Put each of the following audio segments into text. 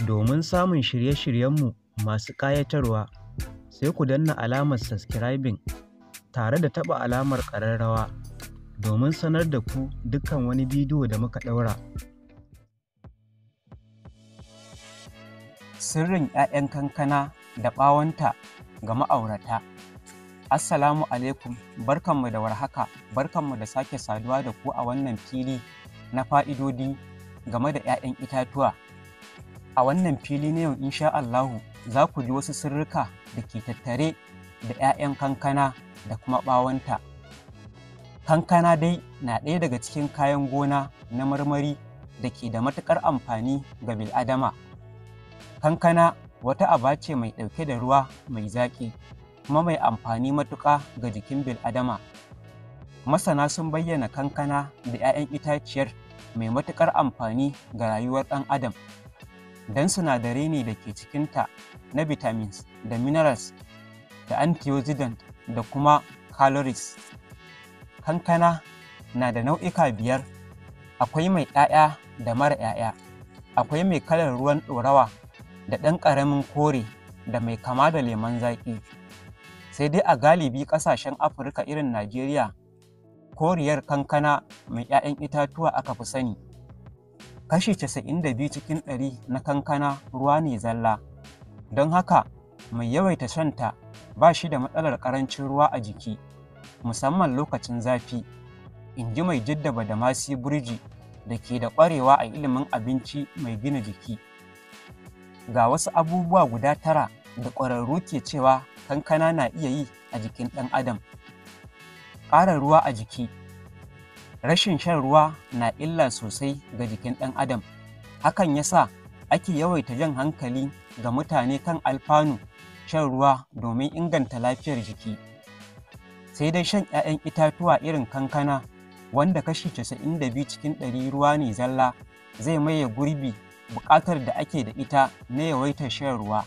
Domin samun shirye-shiryenmu masu ƙayatarwa, sai ku danna alamar subscribing tare da taɓa alamar ƙararrawa domin sanar da ku dukkan wani bidiyo da muka ɗaura. Sirrin 'ya'yan kankana da ɓawonta ga ma'aurata. Assalamu alaikum, barkanmu da warhaka, barkanmu da sake saduwa da ku a wannan fili na fa'idodi game da 'ya'yan itatuwa. A wannan fili na yau insha Allahu za ku ji wasu sirrika da ke tattare da 'ya'yan kankana da kuma ɓawonta. Kankana dai na ɗaya daga cikin kayan gona na marmari da ke da matuƙar amfani ga bil'adama. Kankana wata aba ce mai ɗauke da ruwa mai zaƙi kuma mai amfani matuƙa ga jikin bil'adama. Masana sun bayyana kankana da 'ya'yan itaciyar mai matuƙar amfani ga rayuwar ɗan adam. don sinadarai ne da ke cikinta na vitamins da minerals da antioxidants da kuma calories. Kankana na da nau'ika biyar, akwai mai ‘ya'ya da mara ‘ya'ya, akwai mai kalar ruwan ɗorawa da ɗan ƙaramin kore da mai kama da lemon zaƙi. Sai dai a galibi ƙasashen Afirka irin Najeriya, koriyar kankana mai ‘ya'yan itatuwa aka fi sani. kashi 92 cikin 100 na kankana ruwa ne zalla don haka mai yawaita shanta ba shi da matsalar ƙarancin ruwa a jiki musamman lokacin zafi in ji mai jaddaba da masi burji da ke da ƙwarewa a ilimin abinci mai gina jiki ga wasu abubuwa guda tara da ƙwararru ke cewa kankana na iya yi a jikin ɗan adam ƙara ruwa a jiki rashin shan ruwa na illa sosai ga jikin ɗan adam hakan ya sa ake yawaita jan hankali ga mutane kan alfanu shan ruwa domin inganta lafiyar jiki sai dai shan 'ya'yan itatuwa irin kankana wanda kashi 92 cikin ɗari ruwa ne zalla zai maye gurbi buƙatar da ake da ita na yawaitar shan ruwa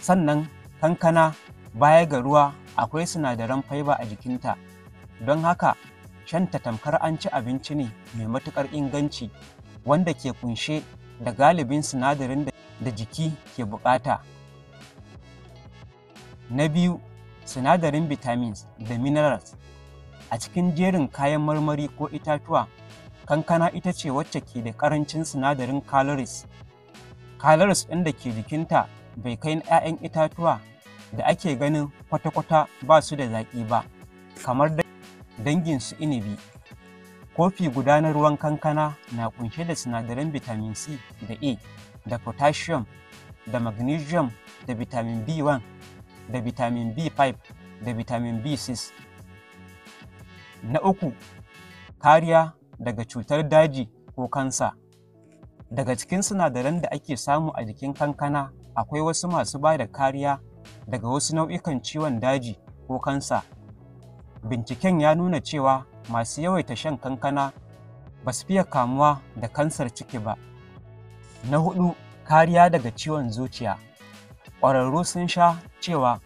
sannan kankana baya ga ruwa akwai sinadaran faiba a jikinta don haka shanta tamkar an ci abinci ne mai matuƙar inganci wanda ke kunshe da galibin sinadarin da jiki ke buƙata. Na biyu, sinadarin vitamins da minerals. A cikin jerin kayan marmari ko itatuwa, kankana ita ce wacce ke da ƙarancin sinadarin calories. Calories ɗin da ke jikinta bai kai na 'ya'yan itatuwa da ake ganin kwata-kwata ba su da zaƙi ba, kamar da dangin su inibi. Kofi guda na ruwan kankana na kunshe da sinadaran bitamin C da A da potassium da magnesium da vitamin B1 da vitamin B5 da vitamin B6. Na uku, kariya daga cutar daji ko kansa. Daga cikin sinadaran da ake samu a jikin kankana akwai wasu masu ba da kariya daga wasu nau'ikan ciwon daji ko kansa binciken ya nuna cewa masu yawaita shan kankana ba su fiye kamuwa da kansar ciki ba. Na hudu, kariya daga ciwon zuciya. Ƙwararru sun sha cewa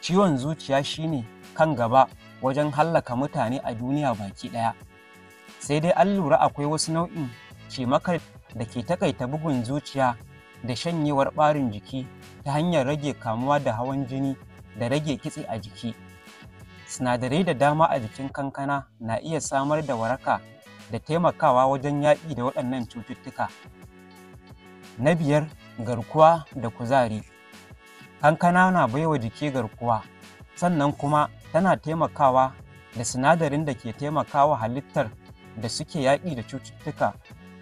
ciwon zuciya shine kan gaba wajen hallaka mutane a duniya baki ɗaya. Sai dai an lura akwai wasu nau'in cimakar da ke takaita bugun zuciya da shanyewar ɓarin jiki ta hanyar rage kamuwa da hawan jini da rage kitse a jiki. sinadarai da dama a jikin kankana na iya samar da waraka da taimakawa wajen yaƙi da waɗannan cututtuka. Na biyar garkuwa da kuzari. Kankana na baiwa jiki garkuwa, sannan kuma tana taimakawa da sinadarin da ke taimakawa halittar da suke yaƙi da cututtuka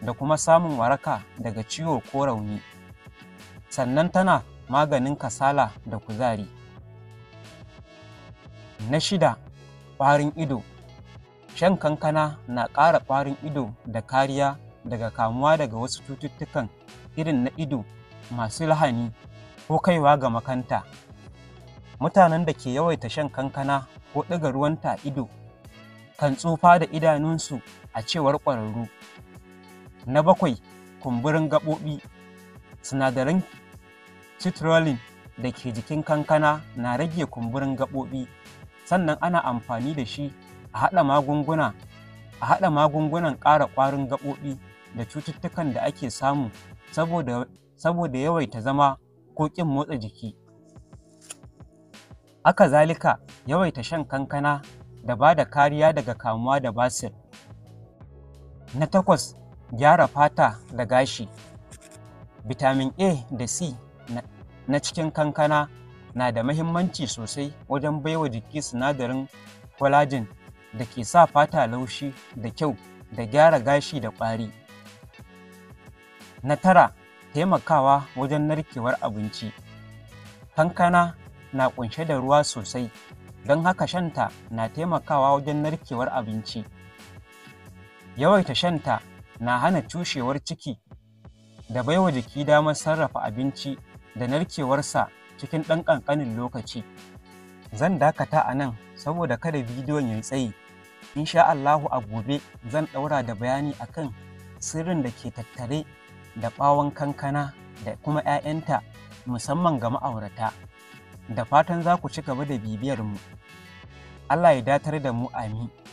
da kuma samun waraka daga ciwo ko rauni. Sannan tana maganin kasala da kuzari. Na shida ƙwarin ido shan kankana na ƙara ƙwarin ido da kariya daga kamuwa daga wasu cututtukan irin na ido masu lahani ko kaiwa ga makanta. Mutanen da ke yawaita shan kankana ko ɗaga ruwanta ido kan tsufa da idanunsu a cewar ƙwararru. Na bakwai kumburin gaɓoɓi sinadaran citrulline da ke jikin kankana na rage kumburin gaɓoɓi sannan ana amfani da shi a haɗa magunguna a haɗa magungunan ƙara ƙwarin gaɓoɓi da cututtukan da ake samu saboda yawaita zama ko ƙin motsa jiki Aka zalika yawaita shan kankana da ba da kariya daga kamuwa da basir na takwas gyara fata da gashi vitamin a da c na cikin kankana na da mahimmanci sosai wajen baiwa jiki sinadarin collagen da ke sa fata laushi da kyau da gyara gashi da ƙwari. Na tara, taimakawa wajen narkewar abinci. Kankana na ƙunshe da ruwa sosai, don haka shanta na taimakawa wajen narkewar abinci. Yawaita shanta na hana cushewar ciki da baiwa jiki damar sarrafa abinci da narkewarsa cikin ɗan ƙanƙanin lokaci. Zan dakata a nan saboda kada bidiyon ya yi tsayi. Insha Allahu a gobe zan ɗaura da bayani akan sirrin da ke tattare da ɓawon kankana da kuma 'ya'yanta musamman ga ma'aurata. Da fatan za ku ci gaba da bibiyarmu. Allah ya datar da mu amin.